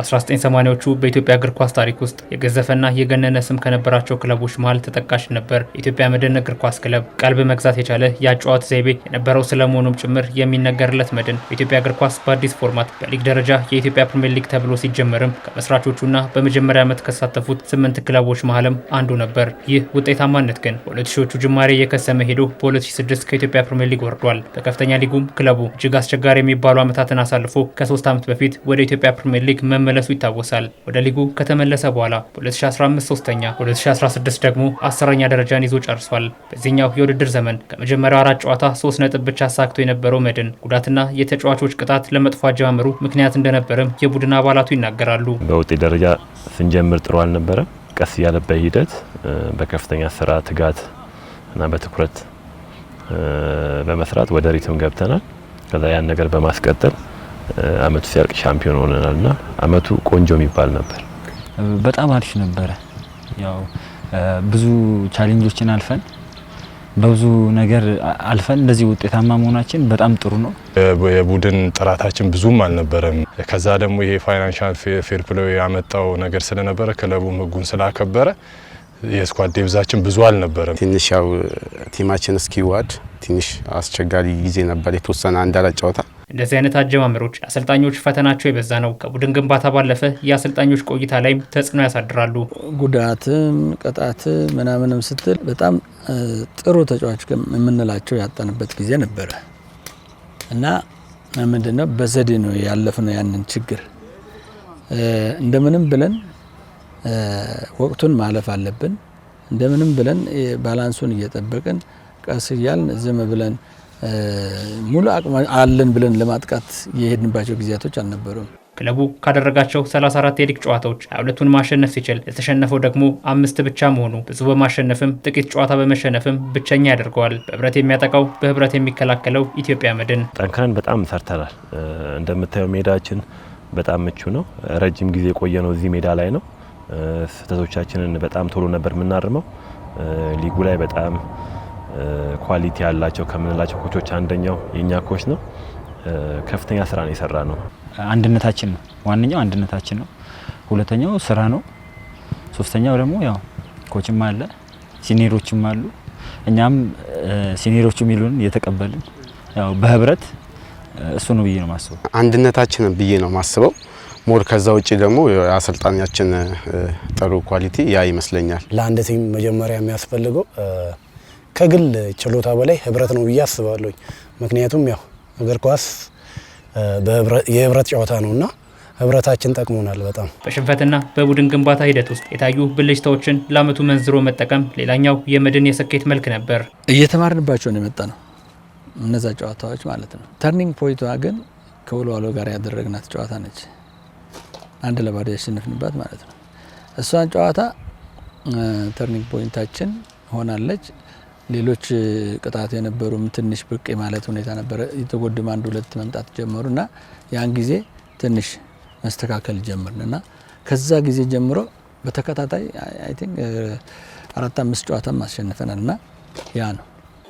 በ1980ዎቹ በኢትዮጵያ እግር ኳስ ታሪክ ውስጥ የገዘፈና የገነነ ስም ከነበራቸው ክለቦች መሀል ተጠቃሽ ነበር። የኢትዮጵያ መድን እግር ኳስ ክለብ ቀልብ መግዛት የቻለ የአጨዋወት ዘይቤ የነበረው ስለመሆኑም ጭምር የሚነገርለት መድን በኢትዮጵያ እግር ኳስ በአዲስ ፎርማት በሊግ ደረጃ የኢትዮጵያ ፕሪምየር ሊግ ተብሎ ሲጀመርም ከመስራቾቹና በመጀመሪያ ዓመት ከተሳተፉት ስምንት ክለቦች መሀልም አንዱ ነበር። ይህ ውጤታማነት ግን በ2000ዎቹ ጅማሬ የከሰመ ሄዶ በ2006 ከኢትዮጵያ ፕሪምየር ሊግ ወርዷል። በከፍተኛ ሊጉም ክለቡ እጅግ አስቸጋሪ የሚባሉ ዓመታትን አሳልፎ ከሶስት ዓመት በፊት ወደ ኢትዮጵያ ፕሪምየር ሊግ መመ መመለሱ ይታወሳል። ወደ ሊጉ ከተመለሰ በኋላ በ2015 ሶስተኛ በ2016 ደግሞ አስረኛ ደረጃን ይዞ ጨርሷል። በዚህኛው የውድድር ዘመን ከመጀመሪያው አራት ጨዋታ ሶስት ነጥብ ብቻ አሳክቶ የነበረው መድን ጉዳትና የተጫዋቾች ቅጣት ለመጥፎ አጀማመሩ ምክንያት እንደነበረም የቡድን አባላቱ ይናገራሉ። በውጤት ደረጃ ስንጀምር ጥሩ አልነበረም። ቀስ እያለ ሂደት በከፍተኛ ስራ ትጋት እና በትኩረት በመስራት ወደ ሪትም ገብተናል። ከዛ ያን ነገር በማስቀጠል አመቱ ሲያልቅ ሻምፒዮን ሆነናል እና አመቱ ቆንጆ የሚባል ነበር። በጣም አሪፍ ነበረ። ያው ብዙ ቻሌንጆችን አልፈን በብዙ ነገር አልፈን እንደዚህ ውጤታማ መሆናችን በጣም ጥሩ ነው። የቡድን ጥራታችን ብዙም አልነበረም። ከዛ ደግሞ ይሄ ፋይናንሻል ፌር ፕሌይ ያመጣው ነገር ስለነበረ ክለቡም ህጉን ስላከበረ የስኳድ ዴብዛችን ብዙ አልነበረም። ትንሽ ያው ቲማችን እስኪዋድ ትንሽ አስቸጋሪ ጊዜ ነበር። የተወሰነ አንድ አራት ጨዋታ እንደዚህ አይነት አጀማመሮች አሰልጣኞች ፈተናቸው የበዛ ነው። ከቡድን ግንባታ ባለፈ የአሰልጣኞች ቆይታ ላይም ተጽዕኖ ያሳድራሉ። ጉዳትም ቅጣት ምናምንም ስትል በጣም ጥሩ ተጫዋች የምንላቸው ያጠንበት ጊዜ ነበረ እና ነው በዘዴ ነው ያለፍነው ያንን ችግር እንደምንም ብለን ወቅቱን ማለፍ አለብን። እንደምንም ብለን ባላንሱን እየጠበቅን ቀስ እያልን ዝም ብለን ሙሉ አቅም አለን ብለን ለማጥቃት የሄድንባቸው ጊዜያቶች አልነበሩም። ክለቡ ካደረጋቸው 34 የሊግ ጨዋታዎች 22ቱን ማሸነፍ ሲችል የተሸነፈው ደግሞ አምስት ብቻ መሆኑ ብዙ በማሸነፍም ጥቂት ጨዋታ በመሸነፍም ብቸኛ ያደርገዋል። በህብረት የሚያጠቃው በህብረት የሚከላከለው ኢትዮጵያ መድን ጠንክረን በጣም ሰርተናል። እንደምታየው ሜዳችን በጣም ምቹ ነው። ረጅም ጊዜ የቆየ ነው እዚህ ሜዳ ላይ ነው። ስህተቶቻችንን በጣም ቶሎ ነበር የምናርመው። ሊጉ ላይ በጣም ኳሊቲ ያላቸው ከምንላቸው ኮቾች አንደኛው የእኛ ኮች ነው። ከፍተኛ ስራ ነው የሰራ ነው። አንድነታችን ነው ዋነኛው፣ አንድነታችን ነው። ሁለተኛው ስራ ነው። ሶስተኛው ደግሞ ያው ኮችም አለ ሲኒሮችም አሉ። እኛም ሲኒሮቹ የሚሉን እየተቀበልን ያው በህብረት እሱ ነው ብዬ ነው ማስበው። አንድነታችንን ብዬ ነው ማስበው ሞር ከዛ ውጭ ደግሞ የአሰልጣኛችን ጥሩ ኳሊቲ ያ ይመስለኛል። ለአንድ ቲም መጀመሪያ የሚያስፈልገው ከግል ችሎታ በላይ ህብረት ነው ብዬ አስባለሁ። ምክንያቱም ያው እግር ኳስ የህብረት ጨዋታ ነውና ህብረታችን ጠቅሞናል በጣም። በሽንፈትና በቡድን ግንባታ ሂደት ውስጥ የታዩ ብልጭታዎችን ለአመቱ መንዝሮ መጠቀም ሌላኛው የመድን የስኬት መልክ ነበር። እየተማርንባቸውን የመጣ ነው እነዛ ጨዋታዎች ማለት ነው። ተርኒንግ ፖይንቷ ግን ከወልዋሎ ጋር ያደረግናት ጨዋታ ነች፣ አንድ ለባዶ ያሸንፍንባት ማለት ነው። እሷን ጨዋታ ተርኒንግ ፖይንታችን ሆናለች። ሌሎች ቅጣት የነበሩም ትንሽ ብቅ ማለት ሁኔታ ነበረ። የተጎድም አንድ ሁለት መምጣት ጀመሩ እና ያን ጊዜ ትንሽ መስተካከል ጀመርን እና ከዛ ጊዜ ጀምሮ በተከታታይ አይ ቲንክ አራት አምስት ጨዋታም አሸንፈናል እና ያ ነው።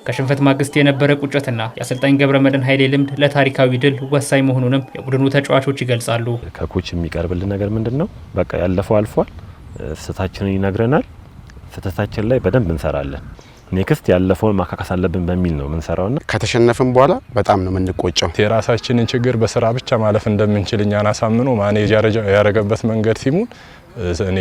ከሽንፈት ማግስት የነበረ ቁጭትና የአሰልጣኝ ገብረመድህን ኃይሌ ልምድ ለታሪካዊ ድል ወሳኝ መሆኑንም የቡድኑ ተጫዋቾች ይገልጻሉ። ከኮች የሚቀርብልን ነገር ምንድን ነው? በቃ ያለፈው አልፏል። ስህተታችንን ይነግረናል። ስህተታችን ላይ በደንብ እንሰራለን። ኔክስት ያለፈውን ማካካስ አለብን በሚል ነው የምንሰራውና ከተሸነፍን በኋላ በጣም ነው የምንቆጨው። የራሳችንን ችግር በስራ ብቻ ማለፍ እንደምንችል እኛን አሳምኖ ማኔጅ ያደረገበት መንገድ ሲሙን እኔ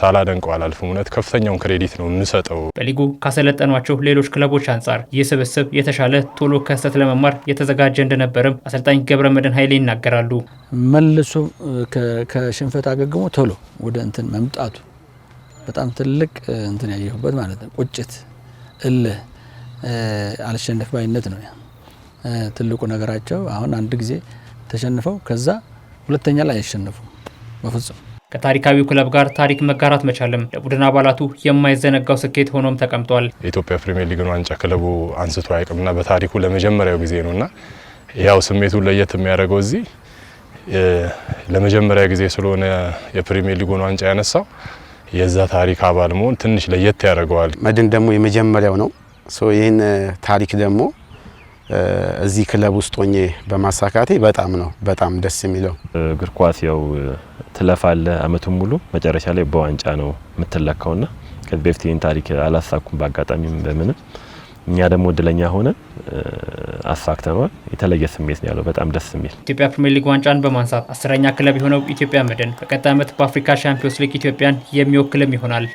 ሳላደንቀው አላልፍም። እውነት ከፍተኛውን ክሬዲት ነው የምንሰጠው። በሊጉ ካሰለጠኗቸው ሌሎች ክለቦች አንጻር ይህ ስብስብ የተሻለ ቶሎ ከስተት ለመማር የተዘጋጀ እንደነበረም አሰልጣኝ ገብረመድህን ኃይሌ ይናገራሉ። መልሶ ከሽንፈት አገግሞ ቶሎ ወደ እንትን መምጣቱ በጣም ትልቅ እንትን ያየሁበት ማለት ነው ቁጭት እልህ፣ አልሸነፍ ባይነት ነው ትልቁ ነገራቸው። አሁን አንድ ጊዜ ተሸንፈው ከዛ ሁለተኛ ላይ አይሸነፉም በፍጹም። ከታሪካዊው ክለብ ጋር ታሪክ መጋራት መቻልም ለቡድን አባላቱ የማይዘነጋው ስኬት ሆኖም ተቀምጧል። የኢትዮጵያ ፕሪሚየር ሊግን ዋንጫ ክለቡ አንስቶ አያውቅምና በታሪኩ ለመጀመሪያው ጊዜ ነውና ያው ስሜቱን ለየት የሚያደርገው እዚህ ለመጀመሪያ ጊዜ ስለሆነ የፕሪሚየር ሊጉን ዋንጫ ያነሳው የዛ ታሪክ አባል መሆን ትንሽ ለየት ያደርገዋል። መድን ደግሞ የመጀመሪያው ነው። ይህን ታሪክ ደግሞ እዚህ ክለብ ውስጥ ሆኜ በማሳካቴ በጣም ነው በጣም ደስ የሚለው። እግር ኳስ ያው ትለፋለ አመቱን ሙሉ መጨረሻ ላይ በዋንጫ ነው የምትለካውና ከዚህ በፊት ይህን ታሪክ አላሳኩም በአጋጣሚም በምንም እኛ ደግሞ እድለኛ ሆነ አሳክተኗል። የተለየ ስሜት ነው ያለው፣ በጣም ደስ የሚል። ኢትዮጵያ ፕሪምየር ሊግ ዋንጫን በማንሳት አስረኛ ክለብ የሆነው ኢትዮጵያ መድን በቀጣይ ዓመት በአፍሪካ ሻምፒዮንስ ሊግ ኢትዮጵያን የሚወክልም ይሆናል።